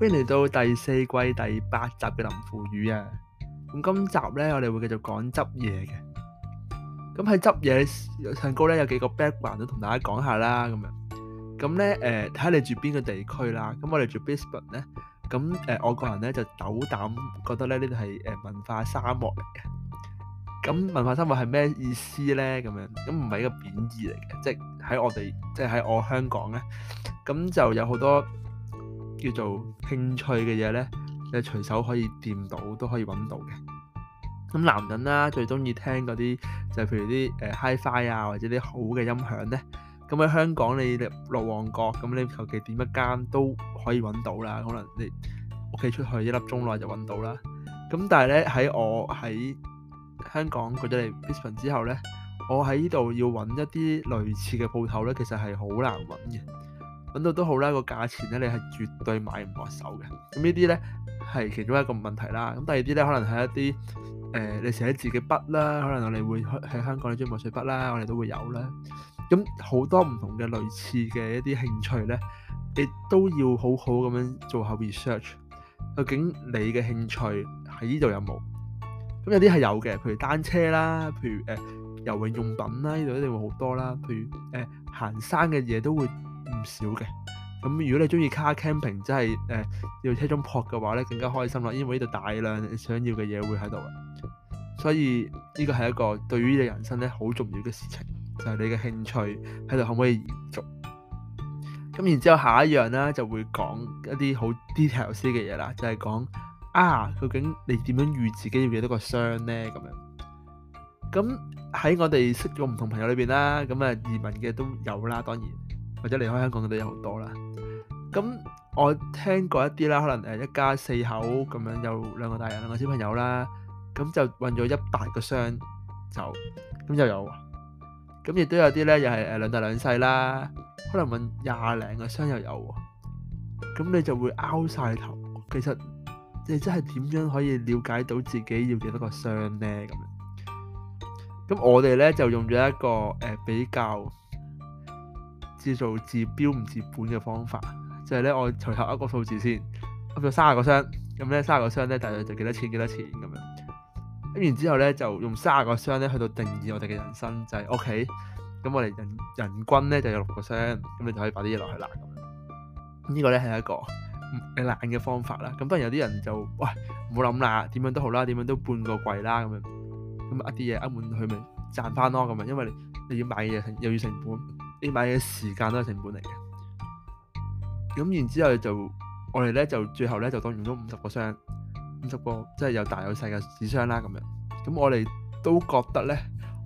歡迎嚟到第四季第八集嘅林父語啊！咁今集呢，我哋會繼續講執嘢嘅。咁喺執嘢上高呢，有幾個 background 都同大家講下啦，咁樣。咁呢，誒，睇下你住邊個地區啦。咁我哋住 Brisbane 呢，咁誒，我個人呢就斗膽覺得呢，呢度係誒文化沙漠嚟嘅。咁文化沙漠係咩意思呢？咁樣，咁唔係一個貶義嚟嘅，即係喺我哋，即係喺我香港呢，咁就有好多。叫做興趣嘅嘢呢，你隨手可以掂到，都可以揾到嘅。咁男人啦、啊，最中意聽嗰啲就係、是、譬如啲誒、呃、Hi-Fi 啊，或者啲好嘅音響呢。咁喺香港你落旺角，咁你求其點一間都可以揾到啦。可能你屋企出去一粒鐘內就揾到啦。咁但係呢，喺我喺香港過咗嚟 Brisbane、bon、之後呢，我喺呢度要揾一啲類似嘅鋪頭呢，其實係好難揾嘅。揾到都好啦，個價錢咧你係絕對買唔落手嘅。咁呢啲呢，係其中一個問題啦。咁第二啲呢，可能係一啲誒、呃、你寫字嘅筆啦，可能我哋會喺香港你鍾意墨水筆啦，我哋都會有啦。咁好多唔同嘅類似嘅一啲興趣呢，你都要好好咁樣做下 research。究竟你嘅興趣喺呢度有冇？咁有啲係有嘅，譬如單車啦，譬如誒游、呃、泳用品啦，呢度一定會好多啦。譬如誒、呃、行山嘅嘢都會。唔少嘅，咁如果你中意 car camping，真係誒要車中泊嘅話咧，更加開心啦，因為呢度大量你想要嘅嘢會喺度啊，所以呢個係一個對於你人生咧好重要嘅事情，就係、是、你嘅興趣喺度可唔可以延續。咁然之後下一樣啦，就會講一啲好 details 嘅嘢啦，就係、是、講啊，究竟你點樣預自己要幾多個箱呢？」咁樣，咁喺我哋識咗唔同朋友裏邊啦，咁啊移民嘅都有啦，當然。或者離開香港嘅都有好多啦，咁我聽過一啲啦，可能誒一家四口咁樣有兩個大人兩個小朋友啦，咁就運咗一百個箱就咁又有喎，咁亦都有啲呢又係誒兩大兩細啦，可能運廿零個箱又有喎，咁你就會拗晒頭，其實你真係點樣可以瞭解到自己要幾多個箱呢？咁，咁我哋呢就用咗一個誒比較。製造治標唔治本嘅方法，就係咧，我隨口噏一個數字先，噏咗三十個箱，咁咧三十個箱咧大約就幾多錢幾多錢咁樣。跟住之後咧，就用三十個箱咧去到定義我哋嘅人生就係 OK。咁我哋人人均咧就有六個箱，咁你就可以擺啲嘢落去啦。咁呢個咧係一個你懶嘅方法啦。咁當然有啲人就喂，唔好諗啦，點樣都好啦，點樣都半個櫃啦咁樣，咁啊啲嘢噏滿佢咪賺翻咯咁樣，因為你你要買嘢又要成本。你買嘅時間都係成本嚟嘅，咁然之後就我哋咧就最後咧就當用咗五十個箱，五十個即係、就是、有大有細嘅紙箱啦咁樣，咁我哋都覺得咧，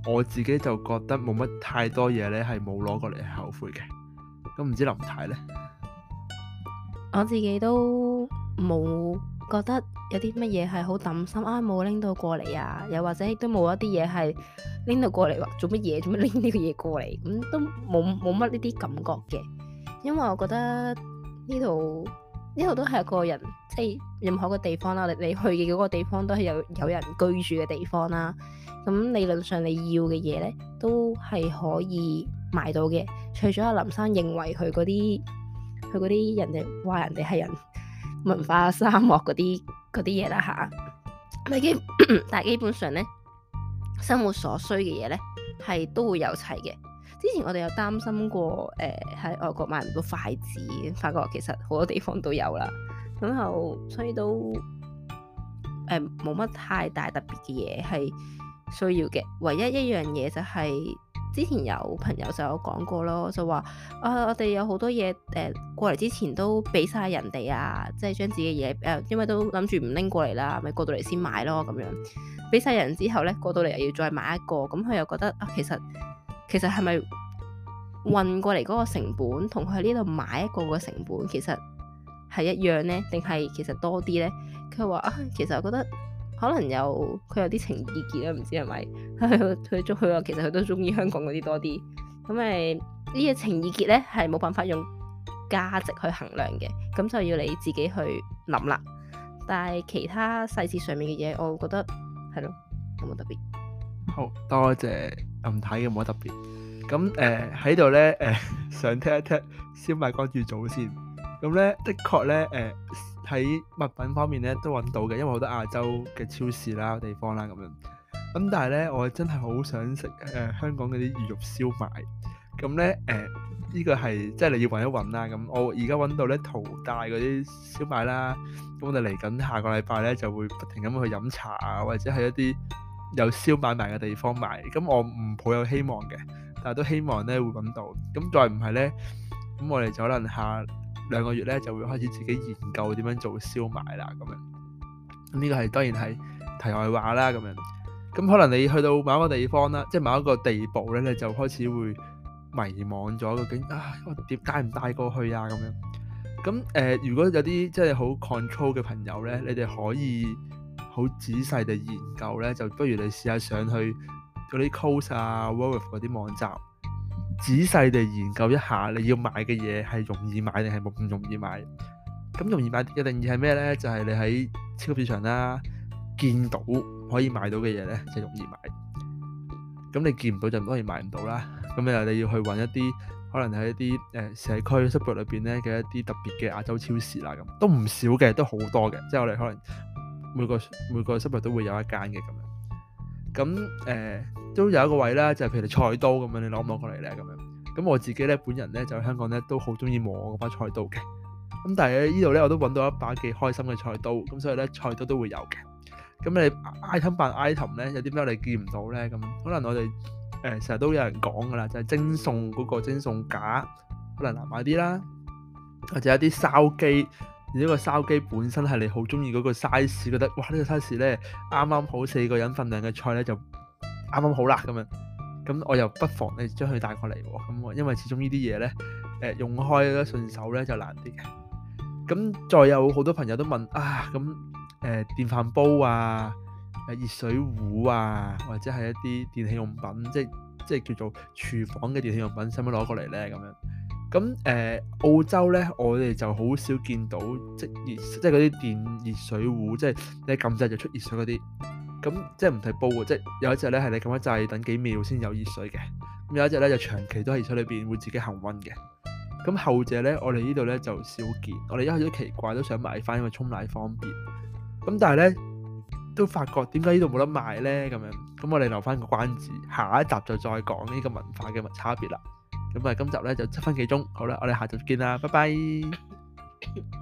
我自己就覺得冇乜太多嘢咧係冇攞過嚟後悔嘅，咁唔知林太咧，我自己都冇覺得。有啲乜嘢係好擔心啊？冇拎到過嚟啊，又或者都冇一啲嘢係拎到過嚟，或做乜嘢？做乜拎呢個嘢過嚟？咁、嗯、都冇冇乜呢啲感覺嘅。因為我覺得呢度呢度都係有個人，即係任何個地方啦。你你去嘅嗰個地方都係有有人居住嘅地方啦。咁理論上你要嘅嘢呢，都係可以買到嘅，除咗阿林生認為佢嗰啲佢嗰啲人哋話人哋係人文化沙漠嗰啲。嗰啲嘢啦嚇，但基本上咧，生活所需嘅嘢咧係都會有齊嘅。之前我哋有擔心過，誒、呃、喺外國買唔到筷子，發覺其實好多地方都有啦。咁後所以都誒冇乜太大特別嘅嘢係需要嘅。唯一一樣嘢就係、是。之前有朋友就有講過咯，就話啊，我哋有好多嘢誒、呃、過嚟之前都俾晒人哋啊，即係將自己嘢誒、呃，因為都諗住唔拎過嚟啦，咪過到嚟先買咯咁樣。俾晒人之後咧，過到嚟又要再買一個，咁佢又覺得啊，其實其實係咪運過嚟嗰個成本同佢呢度買一個嘅成本其實係一樣呢？定係其實多啲呢？佢話啊，其實我覺得。可能有，佢有啲情意結啦，唔知係咪佢中佢其實佢都中意香港嗰啲多啲。咁誒呢個情意結咧，係冇辦法用價值去衡量嘅，咁就要你自己去諗啦。但係其他細節上面嘅嘢，我覺得係咯，冇乜特別。好多謝暗體嘅冇乜特別。咁誒喺度咧誒，想聽一聽燒賣關注組先。咁咧的確咧誒。呃喺物品方面咧都揾到嘅，因為好多亞洲嘅超市啦、地方啦咁樣。咁但係呢，我真係好想食誒、呃、香港嗰啲魚肉燒賣。咁、嗯呃這個嗯、呢，誒，呢個係即係你要揾一揾啦。咁、嗯、我而家揾到呢淘大嗰啲燒賣啦。咁我哋嚟緊下個禮拜呢，就會不停咁去飲茶啊，或者係一啲有燒賣賣嘅地方賣。咁、嗯、我唔抱有希望嘅，但係都希望呢會揾到。咁、嗯、再唔係呢，咁我哋就可能下。兩個月咧就會開始自己研究點樣做燒賣啦，咁樣。呢個係當然係題外話啦，咁樣。咁可能你去到某一個地方啦，即係某一個地步咧，你就開始會迷茫咗，究竟啊，我帶唔帶過去啊？咁樣。咁誒、呃，如果有啲即係好 control 嘅朋友咧，你哋可以好仔細地研究咧，就不如你試下上去嗰啲 course 啊，World of 嗰啲網站。仔細地研究一下，你要買嘅嘢係容易買定係唔容易買？咁容易買嘅定義係咩呢？就係、是、你喺超市場啦、啊，見到可以買到嘅嘢呢，就是、容易買。咁你見唔到就當然買唔到啦。咁又你要去揾一啲可能喺一啲誒、呃、社區 super 裏邊呢嘅一啲特別嘅亞洲超市啦，咁都唔少嘅，都好多嘅。即係我哋可能每個每個 super 都會有一間嘅咁樣。咁誒。呃都有一個位啦，就係、是、譬如菜刀咁樣，你攞唔攞過嚟咧咁樣？咁我自己咧本人咧就香港咧都好中意磨嗰把菜刀嘅。咁但係呢度咧我都揾到一把幾開心嘅菜刀，咁所以咧菜刀都會有嘅。咁你 item by item 咧有啲咩你見唔到咧？咁可能我哋誒成日都有人講噶啦，就係、是、蒸餸嗰個蒸餸架，可能難、呃、買啲啦。或者有啲筲箕而呢個筲箕本身係你好中意嗰個 size，覺得哇呢、這個 size 咧啱啱好四個人份量嘅菜咧就。啱啱好啦咁樣，咁我又不妨你將佢帶過嚟喎，咁因為始終呢啲嘢呢，誒、呃、用開咧順手呢就難啲嘅。咁再有好多朋友都問啊，咁誒、呃、電飯煲啊、誒熱水壺啊，或者係一啲電器用品，即即叫做廚房嘅電器用品，使唔使攞過嚟呢？咁樣，咁誒澳洲呢，我哋就好少見到即熱，即嗰啲電熱水壺，即你撳掣就出熱水嗰啲。咁即係唔係煲嘅，即有一隻咧係你撳一掣等幾秒先有熱水嘅，有一隻咧就長期都喺熱水裏邊會自己恆溫嘅。咁後者呢，我哋呢度呢就少見，我哋一開始都奇怪都想買翻，因為沖奶方便。咁但係呢，都發覺點解呢度冇得賣呢？咁樣咁我哋留翻個關子，下一集就再講呢個文化嘅差別啦。咁啊，今集呢就七分幾鐘，好啦，我哋下集見啦，拜拜。